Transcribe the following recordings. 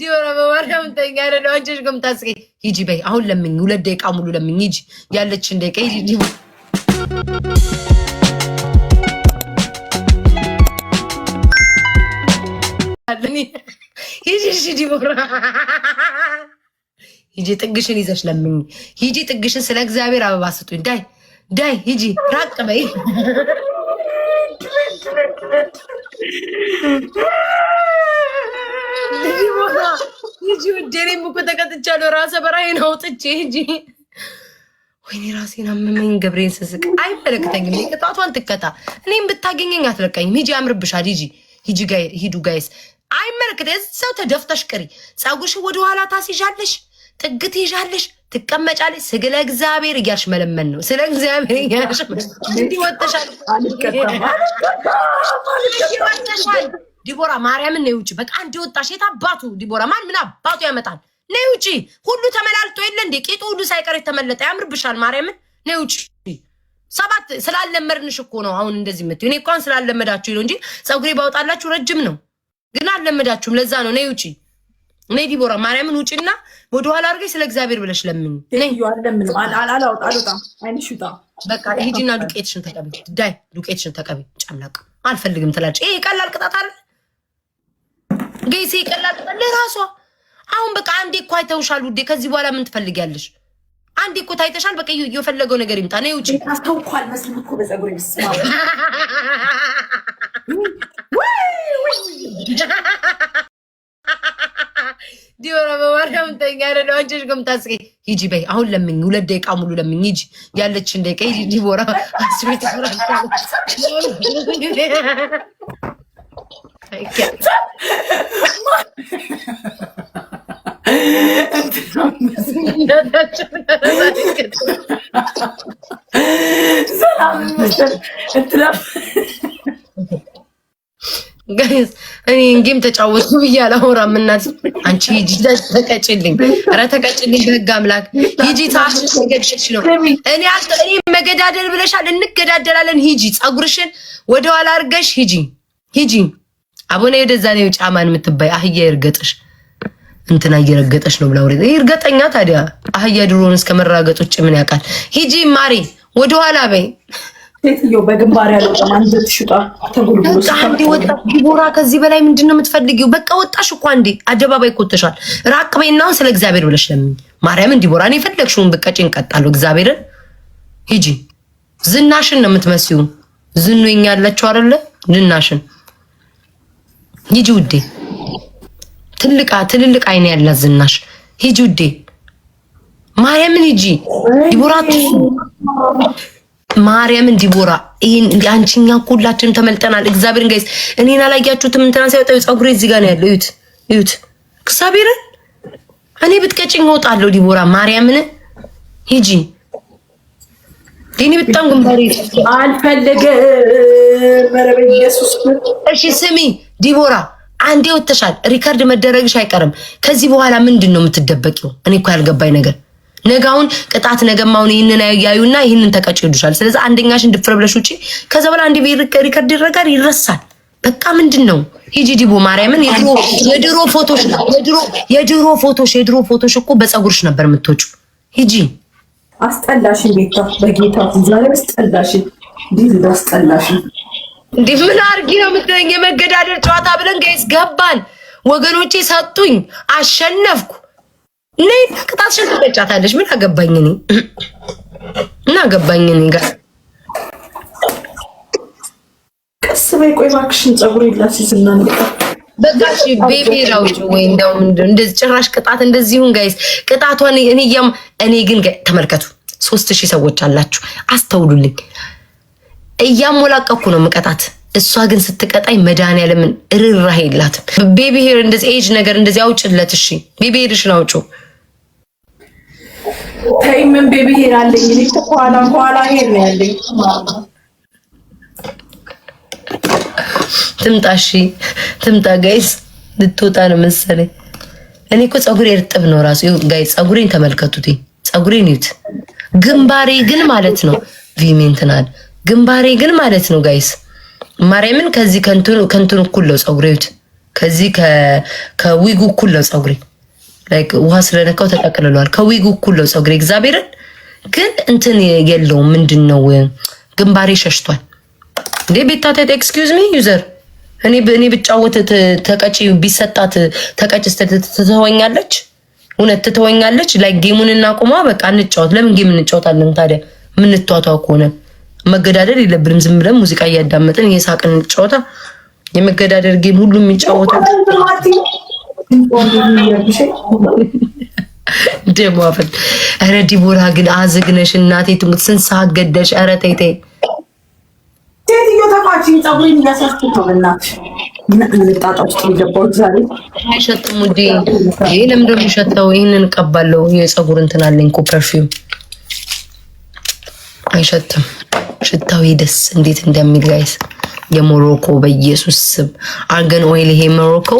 ዲዮራ በማርያም ተኛ ያደዳዋቸች ከምታስቀ ሂጂ በይ አሁን ለምኝ፣ ሁለት ደቂቃ ሙሉ ለምኝ ሂጂ፣ ያለችን ደቂቃ ሂጂ። ሂጂ ጥግሽን ይዘሽ ለምኝ ሂጂ ጥግሽን። ስለ እግዚአብሔር አበባ ስጡኝ። ዳይ ዳይ ሂጂ ራቅ በይ እዚህ ቦታ ሂጂ ውዴ። እኔም እኮ ተቀጥቻለሁ። ራሰ በራዬን አውጥቼ ሂጂ። ወይኔ ራሴን አመመኝ። ገብሬን ስስቅ አይመለከተኝም። ቅጣቷን ትቀጣ። እኔም ብታገኘኝ አትለቀኝም። ሂጂ፣ ያምርብሻል። ሂጂ፣ ሂዱ ጋይስ። አይመለከተኝ። ሰው ተደፍተሽ ቅሪ። ፀጉርሽን ወደኋላ ታስይዣለሽ፣ ጥግ ትይዣለሽ፣ ትቀመጫለሽ። ስለ እግዚአብሔር እያልሽ መለመን ነው። ስለ እግዚአብሔር እያልሽ እንዲህ ወጥተሻል፣ ወጥተሻል ዲቦራ ማርያምን ነይ ውጪ። በቃ አንድ ወጣሽ። የት አባቱ ዲቦራ ማን ምን አባቱ ያመጣል? ነይ ውጪ። ሁሉ ተመላልቶ የለ እንዴ? ቂጡ ሁሉ ሳይቀር የተመለጠ ያምርብሻል። ማርያምን ነይ ውጪ። ሰባት ስላለመድንሽ እኮ ነው አሁን እንደዚህ የምትይው። እኔ እንኳን ስላለመዳችሁ ነው እንጂ ፀጉሬ ባውጣላችሁ ረጅም ነው፣ ግን አልለመዳችሁም። ለዛ ነው ነይ ውጪ። ነይ ዲቦራ ማርያምን ውጪና ወደኋላ አድርገሽ ስለ እግዚአብሔር ብለሽ ለምኝ። በቃ ሂጂና ዱቄትሽን ተቀቢ ዳይ ዱቄትሽን ተቀቢ። ጨምላቅ አልፈልግም ትላለች። ይሄ ቀላል ቅጣት አይደል? ጌሴ ቀላል ለራሷ አሁን በቃ አንዴ እኮ አይተውሻል ውዴ። ከዚህ በኋላ ምን ትፈልጊያለሽ? አንዴ እኮ ታይተሻል። በቃ የፈለገው ነገር ይምጣ ነው ውጭ ታስታውኳል። መስልም እኮ በፀጉር ይስማል ዲዮራ በማርያም ተኛ ያደለው አንቺሽ ከምታስቂ ሂጂ በይ። አሁን ለምኝ ሁለት ደቂቃ ሙሉ ለምኝ ሂጂ፣ ያለችን ደቂቃ ሂጂ ዲቦራ አስቤት እኔ እንጌም ተጫወቱ ብዬ አላወራም። እናት አንቺ ሂጂ ተቀጭልኝ፣ ኧረ ተቀጭልኝ። በህግ አምላክ ሂጂ እኔ መገዳደል ብለሻል፣ እንገዳደላለን። ሂጂ ፀጉርሽን ወደኋላ አድርገሽ ሂጂ፣ ሂጂ አቡነ የደዛ ነው ጫማን የምትባይ አህያ ይርገጥሽ፣ እንትና እየረገጠሽ ነው ብላ ወሬ ይርገጠኛ። ታዲያ አህያ ድሮን እስከ መራገጥ ውጭ ምን ያውቃል? ሂጂ ማሪ፣ ወደኋላ በይ። ሴትዮው በግንባር ያለው ጫማን ዘትሽጣ ተጉልጉሎ አንዴ ወጣ። ዲቦራ ከዚህ በላይ ምንድን ነው የምትፈልጊው? በቃ ወጣሽ እኮ አንዴ አደባባይ ኮተሻል። ራቅ በይና ስለ እግዚአብሔር ብለሽ ለምኝ። ማርያምን ዲቦራን የፈለግሽውን በቃ ጭንቀጣለሁ። እግዚአብሔርን ሂጂ። ዝናሽን ነው የምትመስዩ። ዝኑ ይኛላችሁ አይደለ ዝናሽን ሂጂ ውዴ። ትልቃ ትልልቅ አይን ያላት ዝናሽ ሂጂ ውዴ። ማርያምን ሂጂ ዲቦራ፣ ማርያምን ዲቦራ፣ ይሄን አንቺኛ ሁላችንም ተመልጠናል። እግዚአብሔርን ጋይስ እኔን አላያችሁትም? እንትና ሳይወጣው ፀጉሬ እዚህ ጋር ነው ያለው። እዩት፣ እዩት። እግዚአብሔርን እኔ ብትቀጭኝ እወጣለሁ። ዲቦራ ማርያምን ሂጂ ይህኔ በጣም ግንባሬ አልፈለገ መረበ ኢየሱስ እሺ ስሚ ዲቦራ አንዴ ወተሻል፣ ሪከርድ መደረግሽ አይቀርም። ከዚህ በኋላ ምንድን ነው የምትደበቂው? እኔ እኮ ያልገባኝ ነገር ነጋውን ቅጣት ነገማውን ይህንን ያዩና ይህንን ተቀጭ ይዱሻል። ስለዚህ አንደኛሽ እንድፍረ ብለሽ ውጪ። ከዛ በኋላ አንዴ ሪከርድ ይረጋል፣ ይረሳል። በቃ ምንድን ነው ሂጂ ዲቦ ማርያምን። የድሮ ፎቶሽ የድሮ ፎቶሽ የድሮ ፎቶሽ እኮ በፀጉርሽ ነበር የምትወጩ። ሂጂ አስጠላሽን፣ ቤታ በጌታ ዛሬ አስጠላሽን፣ ዲዝ አስጠላሽን እንዴ ምን አርጊ ነው የምትለኝ? የመገዳደር ጨዋታ ብለን ጋይስ ገባን። ወገኖቼ ሰጡኝ፣ አሸነፍኩ። ነይ ቅጣትሽን ትቀጫታለሽ። ምን አገባኝ እኔ እና አገባኝ እኔ ጋር ቀስ በይ። ቆይ እባክሽን ፀጉር ይላስዝና በጋሽ ቤቢ ራውጭ ወይ እንደው እንደዚህ ጭራሽ ቅጣት እንደዚሁን ጋይስ ቅጣቷን እኔ እያም እኔ ግን ተመልከቱ፣ ሶስት ሺህ ሰዎች አላችሁ አስተውሉልኝ። እያሞላቀኩ ነው ምቀጣት። እሷ ግን ስትቀጣኝ መድኃኒዓለምን ርህራሄ የላትም። ቤቢ ሄር እንደዚህ ኤጅ ነገር እንደዚህ አውጭለት። እሺ ቤቢ ሄርሽን አውጩ ምን ቤቢ ሄር አለኝ ኋላ ኋላ ሄር ነው ያለኝ ትምጣ እሺ ትምጣ። ጋይስ ልትወጣ ነው መሰለኝ። እኔ እኮ ፀጉሬ እርጥብ ነው ራሱ ጋይ ፀጉሬን ተመልከቱት፣ ፀጉሬን ይዩት። ግንባሬ ግን ማለት ነው ቪሜንትናል ግንባሬ ግን ማለት ነው ጋይስ ማርያምን ከዚህ ከንትን እኩል ነው ፀጉሬ እዩት። ከዚህ ከዊጉ እኩል ነው ፀጉሬ። ውሃ ስለነካው ተጠቅልሏል። ከዊጉ እኩል ነው ፀጉሬ። እግዚአብሔርን ግን እንትን የለውም። ምንድን ነው ግንባሬ ሸሽቷል እንዴ? ቤታታት ኤክስኪውዝ ሚ ዩዘር እኔ እኔ ብጫወት ተቀጪ ቢሰጣት ተቀጭ ትተወኛለች። እውነት ትተወኛለች። ላይ ጌሙን እናቁማ፣ በቃ እንጫወት። ለምን ጌም እንጫወታለን ታዲያ? ምንቷቷ ከሆነም መገዳደር የለብንም። ዝም ብለን ሙዚቃ እያዳመጥን የሳቅን ጨዋታ የመገዳደር ጌም ሁሉ የሚጫወተው ደግሞ አፈን። ኧረ ዲቦራ ግን አዝግነሽ እናቴ ትሙት ስንት ሰዓት ገደልሽ? ኧረ ተይ ተይ ሸጥሙ ዲ ይሄ ለምንድን ነው የሚሸተው? ይህንን እቀባለሁ። የፀጉር እንትን አለኝ እኮ ፐርፊውም አይሸትም። ሽታው ደስ እንዴት እንደሚል ጋይስ የሞሮኮ በኢየሱስ ስም አርገን ኦይል ይሄ ሞሮኮ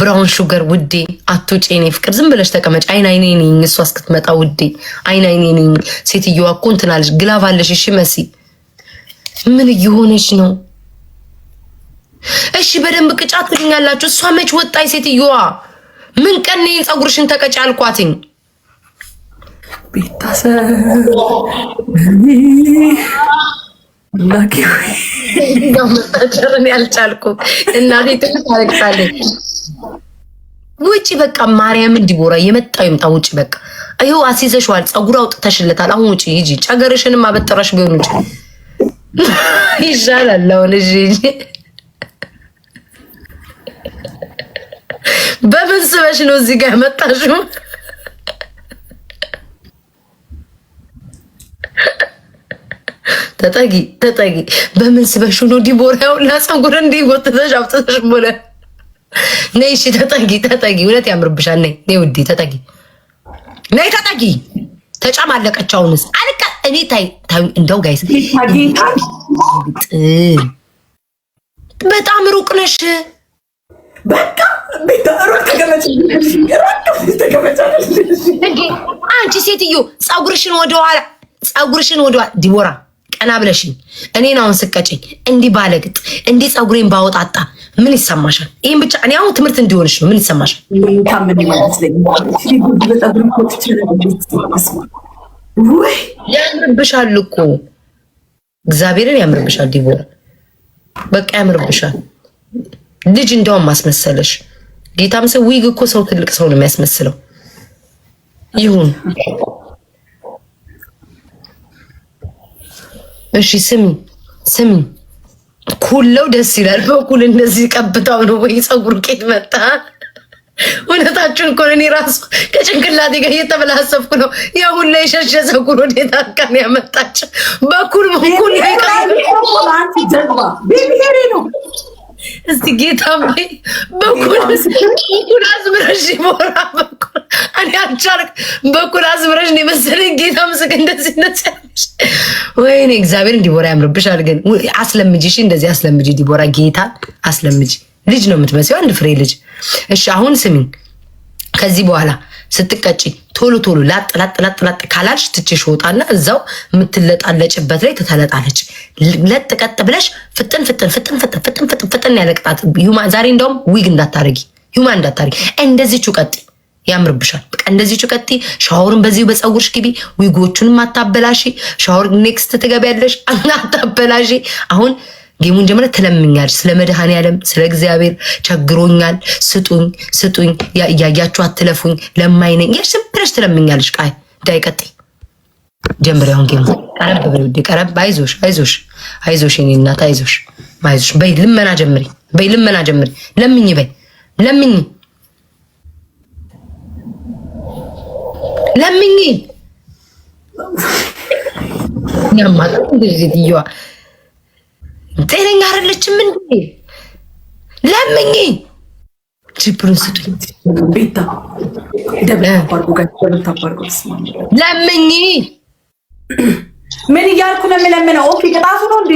ብራውን ሹገር ውዴ፣ አትውጪ የኔ ፍቅር፣ ዝም ብለሽ ተቀመጭ። አይን አይኔ ነኝ እሷ እስክትመጣ ውዴ፣ አይን አይኔ ነኝ። ሴትዮዋ እኮ እንትን አለሽ፣ ግላብ አለሽ። እሺ መሲ፣ ምን እየሆነች ነው? እሺ በደንብ ቅጫት ትልኛላችሁ። እሷ መች ወጣይ ሴትዮዋ ምን ቀን ይሄን ፀጉርሽን ተቀጫ አልኳትኝ። ቤታሰርን ያልቻልኩ እናቴ ታለቅሳለች። ውጭ በቃ ማርያም እንዲቦራ የመጣው ይምጣ። ውጭ በቃ ይኸው አስይዘሽዋል፣ ፀጉር አውጥተሽለታል። አሁን ውጭ ሂጂ፣ ጨገርሽንም አበጠረሽ ቢሆን ውጭ ይሻላል። አሁን እሺ በምን ስበሽ ነው እዚህ ጋር መጣሽው? ተጠጊ ተጠጊ። በምን ስበሽ ነው ዲቦራ? ያውና ፀጉር እንዲህ ጎትተሽ አውጥተሽ ሞለ ነይ። እሺ ተጠጊ ተጠጊ። እውነት ያምርብሻል። ነይ ነይ ውዴ ተጠጊ ነይ ተጠጊ። ተጫም አለቀች። አሁንስ አልቀ እኔ ታይ ታይ እንደው ጋይስ በጣም ሩቅ ነሽ በቃ አንቺ ሴትዮ ፀጉርሽን ወደኋላ ፀጉርሽን ወደኋላ ዲቦራ ቀና ብለሽኝ እኔን አሁን ስቀጭኝ እንዲህ ባለግጥ እንዲህ ፀጉሬን ባወጣጣ ምን ይሰማሻል? ይህም ብቻ እኔ አሁን ትምህርት እንዲሆንሽ ነው። ምን ይሰማሻል? ያምርብሻል እኮ እግዚአብሔርን ያምርብሻል ዲቦራ፣ በቃ ያምርብሻል። ልጅ እንደውም ማስመሰለሽ ጌታም ሰው ዊግ እኮ ሰው ትልቅ ሰው ነው የሚያስመስለው። ይሁን እሺ። ስሚ ስሚ ኩለው ደስ ይላል። በኩል እንደዚህ ቀብታው ነው ወይ ፀጉር ቄት መጣ። እውነታችሁን እኮ እኔ ራሱ ከጭንቅላቴ ጋር እየተበላሰብኩ ነው። የሁላ የሸሸ ፀጉር ወዴት አካን ያመጣች በኩል በኩል ነው እስቲ ጌታ በይ በኩል አዝምረሽ ሞራ እኔ አልቻልክ በኩል አዝምረሽ ነው የመሰለኝ። ጌታ ምስክር እንደዚህ እንደዚህ ወይኔ እግዚአብሔር ዲቦራ ያምርብሻል። ግን አስለምጂሽ፣ እንደዚህ አስለምጂ ዲቦራ፣ ጌታ አስለምጂ። ልጅ ነው የምትመስለው፣ አንድ ፍሬ ልጅ። እሺ አሁን ስሚኝ ከዚህ በኋላ ስትቀጪ ቶሎ ቶሎ ላጥ ላጥ ላጥ ላጥ ካላልሽ ትችሽ ወጣና እዛው የምትለጣለጭበት ላይ ትተለጣለች። ለጥ ቀጥ ብለሽ ፍጥን ፍጥን ፍጥን ፍጥን ፍጥን ፍጥን ፍጥን ያለ ቅጣት ዛሬ እንደውም ዊግ እንዳታረጊ ዩማን እንዳታረጊ፣ እንደዚህቹ ቀጥ ያምርብሻል። በቃ እንደዚህቹ ቀጥ። ሻወርን በዚሁ በፀጉርሽ ግቢ። ዊጎቹንም አታበላሺ። ሻወር ኔክስት ትገቢያለሽ፣ አታበላሺ አሁን ጌሙን ጀምረ ትለምኛል። ስለ መድኃኔ ዓለም ስለ እግዚአብሔር ቸግሮኛል፣ ስጡኝ ስጡኝ፣ እያያችሁ አትለፉኝ፣ ለማይነኝ ያሽ ዝም ብለሽ ትለምኛለሽ። ቃይ እንዳይቀጥ ጀምሪ። አሁን ጌሙ ቀረብ ብሬ ቀረብ። አይዞሽ አይዞሽ አይዞሽ፣ የኔ እናት አይዞሽ አይዞሽ በይ። ልመና ጀምሪ በይ፣ ልመና ጀምሪ። ለምኝ በይ፣ ለምኝ ለምኝ ያማጣ እንደዚህ ትየዋ ጤነኛ አይደለችም እንዴ? ለምኝ ችግሩን ስጡኝ። ለምኝ ምን እያልኩ ነው የምለምነው? ኦኬ ቅጣቱ ነው እንዴ?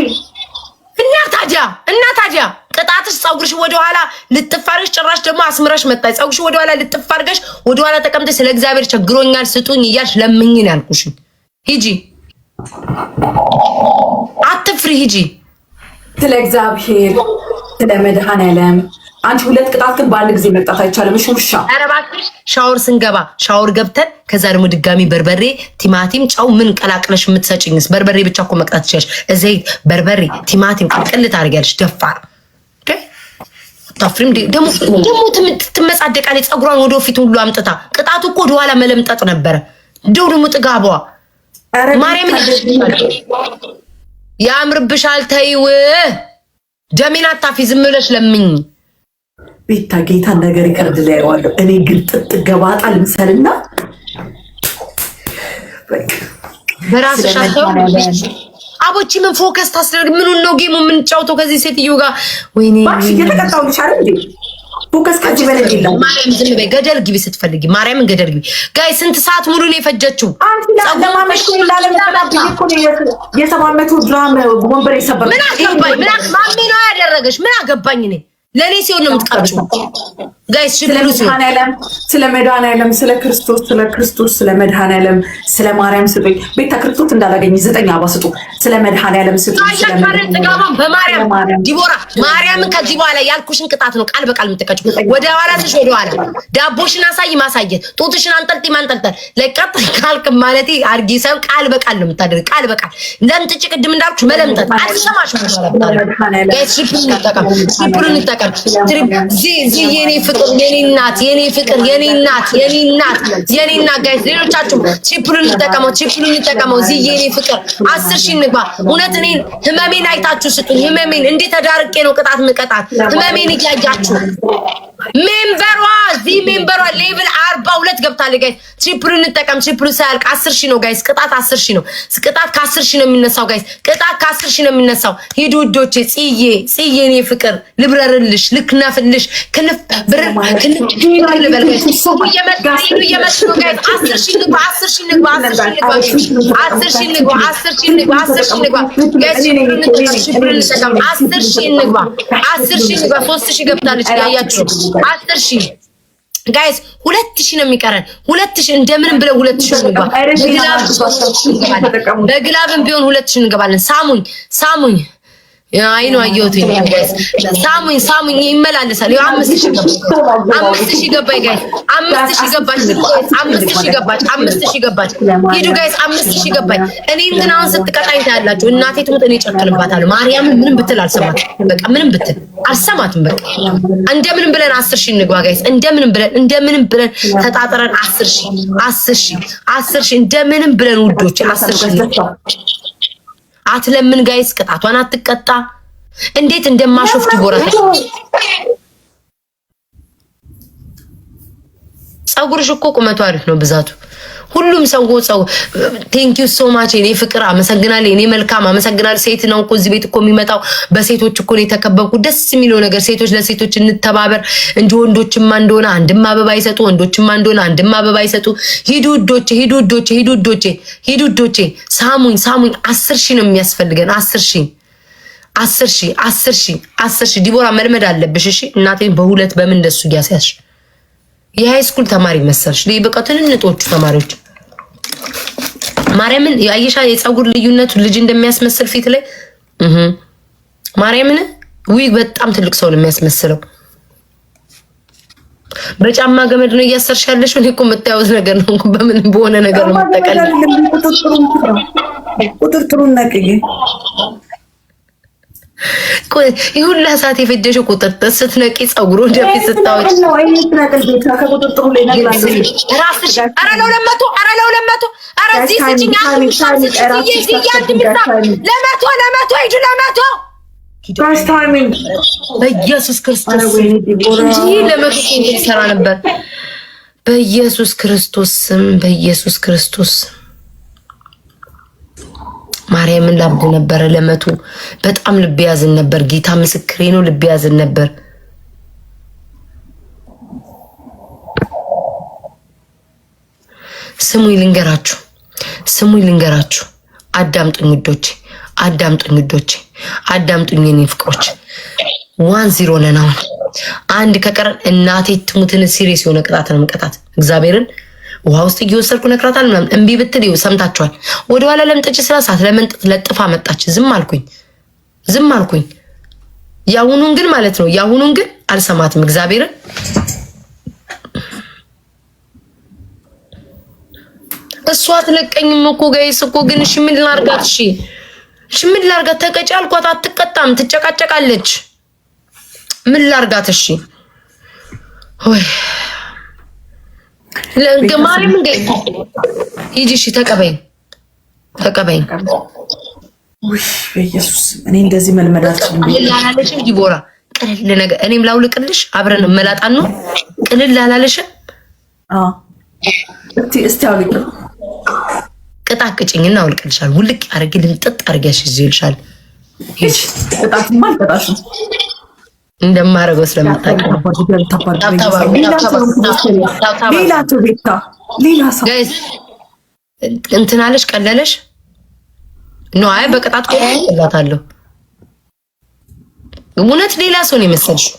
እና ታዲያ እና ታዲያ ቅጣትሽ ፀጉርሽ ወደኋላ ልጥፍ አድርገሽ ጭራሽ ደግሞ አስምረሽ መጣ። ፀጉርሽ ወደኋላ ልጥፍ አድርገሽ ወደኋላ ተቀምጠ ስለ እግዚአብሔር ቸግሮኛል ስጡኝ እያልሽ ለምኝን ያልኩሽን ሂጂ፣ አትፍሪ ሂጂ ስለ እግዚአብሔር ስለ መድኃኔዓለም አንቺ ሁለት ቅጣት ግን በአንድ ጊዜ መቅጣት አይቻልም። ሻወር ስንገባ ሻወር ገብተን ከዛ ደግሞ ድጋሚ በርበሬ፣ ቲማቲም፣ ጨው ምን ቀላቅለሽ የምትሰጭኝስ? በርበሬ ብቻ እኮ መቅጣት ትችላለሽ። ዘይት፣ በርበሬ፣ ቲማቲም ቅልቅል ታደርጊያለሽ። ደፋር ታፍሪም ደግሞ ትመጻደቃለች። ፀጉሯን ወደ ሁሉ አምጥታ ቅጣቱ እኮ ወደኋላ መለምጠጥ ነበረ። እንደው ደግሞ ጥጋቧ ማርያምን ያምርብሻል። ተይው፣ ደሜን አታፊ። ዝም ብለሽ ለምኝ ቤታ። ጌታ ነገር ይቀርድ ላይ ያዋለሁ እኔ ግን ጥጥ ገባጣ ልምሰልና በራስሽ አቦቺ ምን ፎከስ ታስደርግ? ምን ነው ጌሙ የምንጫወተው ከዚህ ሴትዮ ጋር? ወይኔ የተቀጣው ይቻል እንዴ? ፎከስ ከዚህ በላይ የለም። ማርያም ዝም በይ፣ ገደል ግቢ ስትፈልጊ። ማርያምን ገደል ግቢ። ጋይ ስንት ሰዓት ሙሉ ነው የፈጀችው? አንቺ ለማመሽ ኩላለ የሰባት ምን አገባኝ? ነው ያደረገች። ምን አገባኝ ለእኔ ሲሆን ነው የምትቀርጭ ጋይስ ስለ መድኃኒዓለም ስለ ክርስቶስ ስለ ክርስቶስ ስለ መድኃኒዓለም ስለ ማርያም ስጡኝ። ቤታ ክርስቶስ እንዳላገኝ ዘጠኝ አባ ስጡ። ስለ መድኃኒዓለም ስጡኝ። በማርያም ዲቦራ ማርያምን ከዚህ በኋላ ያልኩሽን ቅጣት ነው ቃል በቃል የምትቀጭው። ወደ ኋላ ስሽ ወደ ኋላ ዳቦሽን አሳይ ማሳየት ጡትሽን አንጠልጥ ማንጠልጠል ለቀጥ ካልክ ማለት አድርጊ ሳይሆን ቃል በቃል ነው የምታደርግ። ቃል በቃል ለምጥጭ ቅድም እንዳልኩሽ መለምጠጥ አልሰማሽም። ሽፕሉን ይጠቀም ሽፕሉን ይጠቀም ዚ ዚ የኔ ፍቅ ፍቅር የኔ እናት የኔ ፍቅር የኔ እናት የኔ እናት የኔ እናት ጋይስ፣ ሌሎቻችሁ ቺፕሉን እንጠቀመው፣ ቺፕሉን እንጠቀመው። እዚህ የኔ ፍቅር አስር ሺህ እንግባ። እውነት እኔን ህመሜን አይታችሁ ስጡኝ። ህመሜን እንዴት ተዳርቄ ነው ቅጣት ምቀጣት ህመሜን እያያችሁ ሜምበሯ እዚህ ሜምበሯ ሌቭል አርባ ሁለት ገብታለች ጋይስ። ትሪፕሉ እንጠቀም። ትሪፕሉ ሳያልቅ አስር ሺህ ነው ጋይስ። ቅጣት አስር ሺህ ነው። ቅጣት ከአስር ሺህ ነው የሚነሳው ጋይስ። ቅጣት ከአስር ሺህ ነው የሚነሳው። ሂዱ ውዶቼ። ጽዬ ጽዬ እኔ ፍቅር ልብረርልሽ፣ ልክነፍልሽ፣ ክንፍ ብር ክንፍ ልበል ጋይስ። ሶስት ሺህ ገብታለች ጋያችሁ አስር ሺህ ጋይስ ሁለት ሺህ ነው የሚቀረን። ሁለት ሺህ እንደምንም ብለው ሁለት ሺህ እንግባ። በግላብን ቢሆን ሁለት ሺ እንገባለን። ሳሙኝ ሳሙኝ አይ ነው አየሁት። ሳሙኝ ሳሙኝ፣ ይመላለሳል። አምስት ሺህ ገባች፣ አምስት ሺህ ገባች፣ አምስት ሺህ ገባች፣ አምስት ሺህ ገባች፣ አምስት ሺህ ገባች። ሂዱ ጋይስ፣ አምስት ሺህ ገባች። እኔ እንትናውን ስትቀጣኝ ታያላችሁ። እናቴ ትሙት፣ እኔ ጨክልባታለሁ። ማርያምን ምንም ብትል አልሰማትም። በቃ ምንም ብትል አልሰማትም። በቃ እንደምንም ብለን አስር ሺህ እንግባ ጋይስ፣ እንደምንም ብለን እንደምንም ብለን ተጣጥረን አስር ሺህ አስር ሺህ አስር ሺህ እንደምንም ብለን ውዶች አስር ሺህ አትለምን ጋይስ፣ ቅጣቷን አትቀጣ። እንዴት እንደማሾፍ ጎረተሽ ፀጉርሽ እኮ ቁመቱ አሪፍ ነው ብዛቱ ሁሉም ሰው ሰው ቴንክ ዩ ሶ ማች እኔ ፍቅር አመሰግናለሁ፣ እኔ መልካም አመሰግናለሁ። ሴት ነው እኮ እዚህ ቤት እኮ የሚመጣው በሴቶች እኮ ነው የተከበብኩ። ደስ የሚለው ነገር ሴቶች ለሴቶች እንተባበር እንጂ ወንዶችማ እንደሆነ አንድም አበባ አይሰጡ፣ ወንዶችማ እንደሆነ አንድም አበባ አይሰጡ። ሂዱ ዶቼ፣ ሂዱ ዶቼ፣ ሂዱ ዶቼ፣ ሂዱ ዶቼ፣ ሳሙኝ፣ ሳሙኝ። አስር ሺህ ነው የሚያስፈልገን አስር ሺህ አስር ሺህ አስር ሺህ አስር ሺህ ዲቦራ መልመድ አለብሽ። እሺ እናቴን በሁለት በምን ደሱ እያስያዝሽ የሃይ ስኩል ተማሪ መሰልሽ። በቃ ትንንጦቹ ተማሪዎች ማርያምን የአየሻ የፀጉር ልዩነቱ ልጅ እንደሚያስመስል ፊት ላይ ማርያምን ዊግ በጣም ትልቅ ሰው ነው የሚያስመስለው። በጫማ ገመድ ነው እያሰርሽ ያለሽ። ምን እኮ የምታየውት ነገር ነው። በምን በሆነ ነገር ነው የምጠቀልለው። ቁጥጥሩን ነቅዬ ይሁላ ሰዓት የፈጀሽ ቁጥርጥር ስትነቂ ጸጉሩ ደፊት ስታወጭ በኢየሱስ ክርስቶስ ለመቶ ሰራ ነበር። በኢየሱስ ክርስቶስ ስም በኢየሱስ ክርስቶስ ማርያምን ላብድ ነበረ ለመቱ በጣም ልብ ያዝን ነበር። ጌታ ምስክሬ ነው፣ ልብ ያዝን ነበር። ስሙ ልንገራችሁ፣ ስሙ ልንገራችሁ። አዳምጡኝ ውዶቼ፣ አዳምጡኝ ውዶቼ፣ አዳምጡኝ የኔ ፍቅሮች። ዋን ዚሮ ነን አሁን አንድ ከቀረን። እናቴ ትሙትን ሲሪየስ የሆነ ቅጣት ነው የምንቀጣት እግዚአብሔርን ውሃ ውስጥ እየወሰድኩ ነክራታል ምናምን እምቢ ብትል ይኸው ሰምታችኋል። ወደኋላ ለምጠጭ ስራ ሰዓት ለመንጠት ለጥፋ መጣች። ዝም አልኩኝ፣ ዝም አልኩኝ። የአሁኑን ግን ማለት ነው የአሁኑን ግን አልሰማትም እግዚአብሔርን እሷ አትለቀኝም እኮ ጋይስ እኮ ግን እሺ ምን ላርጋት? እሺ እሺ ምን ላርጋት? ተቀጭ አልኳት፣ አትቀጣም፣ ትጨቃጨቃለች። ምን ላርጋት? እሺ ወይ ማርያም ሂጂ፣ እሺ ተቀበይኝ፣ ተቀበይኝ። በኢየሱስ እኔ እንደዚህ መልመድ አልችልም። ዲቦራ ቅልል ነገር እኔም ላውልቅልሽ፣ አብረን መላጣን ነው። ቅልል ላላለሽም እስቲ አውልቅ፣ ቅጣት ቅጭኝ እና አውልቅልሻል። ውልቅ አርግልን ጥጥ አርጊያሽ ይዤ እልሻለሁ። ቅጣትማ አልቀጣሽም እንደማደርገው ስለምታውቁ እንትናለሽ ቀለለሽ ኖ አይ በቅጣት ቆላታለሁ። እውነት ሌላ ሰው ነው የመሰልሽው።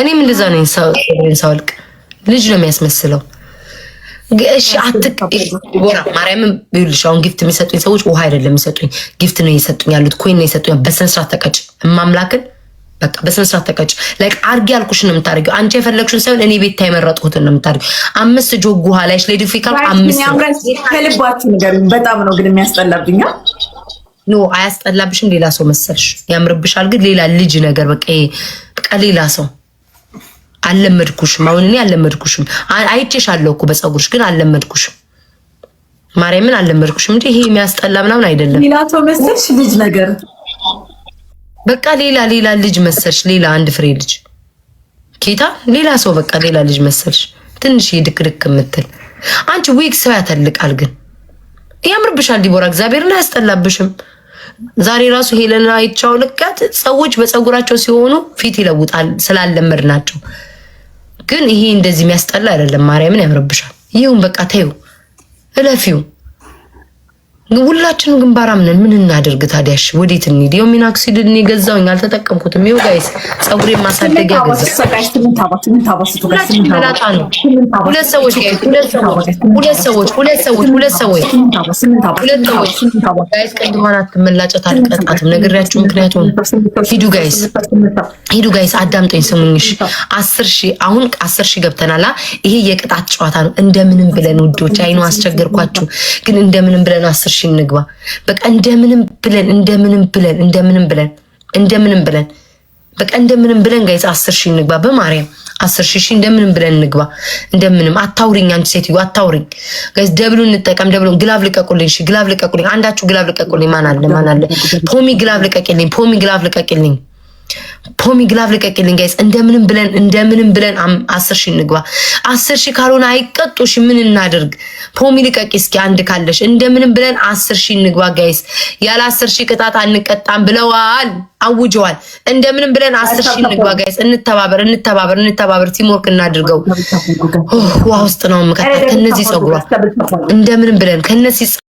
እኔም እንደዛ ነኝ። ሳውልቅ ልጅ ነው የሚያስመስለው። እሺ አትቅ ማርያምን አሁን ጊፍት የሚሰጡኝ ሰዎች ውሃ አይደለም የሚሰጡኝ፣ ጊፍት ነው የሰጡኝ ያሉት ኮይን ነው የሰጡኝ። በስነ ተቀጭ እማምላክን በቃ በስነስርዓት ተቀጭ ላይክ አርጊ ያልኩሽን ነው የምታደርጊው። አንቺ የፈለግሽን ሳይሆን እኔ ቤት የመረጥኩትን ነው የምታደርጊው። አምስት ጆግ ውሃ ላይሽ ሌዲ ፊካል ነገር በጣም ነው ግን የሚያስጠላብኛ። ኖ አያስጠላብሽም። ሌላ ሰው መሰልሽ ያምርብሻል። ግን ሌላ ልጅ ነገር በቃ በቃ ሌላ ሰው አለመድኩሽም። አሁን እኔ አለመድኩሽም፣ አይቼሽ አለው እኮ በፀጉርሽ ግን አለመድኩሽም። ማርያምን አለመድኩሽም እንጂ ይሄ የሚያስጠላ ምናምን አይደለም። ሌላ ሰው መሰልሽ ልጅ ነገር በቃ ሌላ ሌላ ልጅ መሰልሽ፣ ሌላ አንድ ፍሬ ልጅ ኬታ፣ ሌላ ሰው በቃ ሌላ ልጅ መሰልሽ። ትንሽ ድክድክ የምትል አንቺ ዊክ ሰው ያተልቃል፣ ግን ያምርብሻል። ዲቦራ እግዚአብሔርን አያስጠላብሽም። ዛሬ ራሱ ሄለና አይቻው ልቀት ሰዎች በፀጉራቸው ሲሆኑ ፊት ይለውጣል ስላለመድ ናቸው። ግን ይሄ እንደዚህ የሚያስጠላ አይደለም። ማርያምን ያምርብሻል። ይሁን በቃ ተይው፣ እለፊው። ሁላችንም ግንባራም ነን። ምን እናድርግ ታዲያሽ? ወዴት እንሂድ? የሚን አክሲድ እኔ ገዛውኝ አልተጠቀምኩትም። ይኸው ጋይስ ፀጉሬን ማሳደጊያ ገዛሁላጭ ሁለት ሰዎች ሁለት ሰዎች ሁለት ሰዎች ሁለት ሰዎች ሁለት ሰዎች ሁለት ሰዎች ነግሬያችሁ። ምክንያቱም ሂዱ ጋይስ፣ ሂዱ ጋይስ፣ አዳምጠኝ ስሙኝሽ። አስር ሺህ አሁን አስር ሺህ ገብተናላ። ይሄ የቅጣት ጨዋታ ነው። እንደምንም ብለን ውዶች፣ አይኑ አስቸገርኳችሁ፣ ግን እንደምንም ብለን አስር እሺ እንግባ በቃ እንደምንም ብለን እንደምንም ብለን እንደምንም ብለን እንደምንም ብለን በቃ እንደምንም ብለን ጋይስ አስር ሺህ እንግባ በማርያም አስር ሺህ እንደምንም ብለን እንግባ። እንደምንም አታውሪኝ፣ አንቺ ሴትዮ አታውሪኝ። ጋይስ ደብሉ እንጠቀም፣ ደብሉ ግላብ ልቀቁልኝ፣ እሺ ግላብ ልቀቁልኝ፣ አንዳችሁ ግላብ ልቀቁልኝ። ማን አለ ማን አለ? ፖሚ ግላብ ልቀቅልኝ፣ ፖሚ ግላብ ልቀቅልኝ። ፖሚ ግላቭ ልቀቅልን ጋይስ። እንደምንም ብለን እንደምንም ብለን አስር ሺ እንግባ። አስር ሺ ካልሆነ አይቀጡሽ ምን እናደርግ? ፖሚ ልቀቂ እስኪ አንድ ካለሽ። እንደምንም ብለን አስር ሺ እንግባ ጋይስ። ያለ አስር ሺ ቅጣት አንቀጣም ብለዋል፣ አውጀዋል። እንደምንም ብለን አስር ሺ እንግባ ጋይስ። እንተባበር፣ እንተባበር፣ እንተባበር። ቲሞርክ እናድርገው። ውሃ ውስጥ ነው ምከታ ከነዚህ ጸጉሯ። እንደምንም ብለን ከነዚህ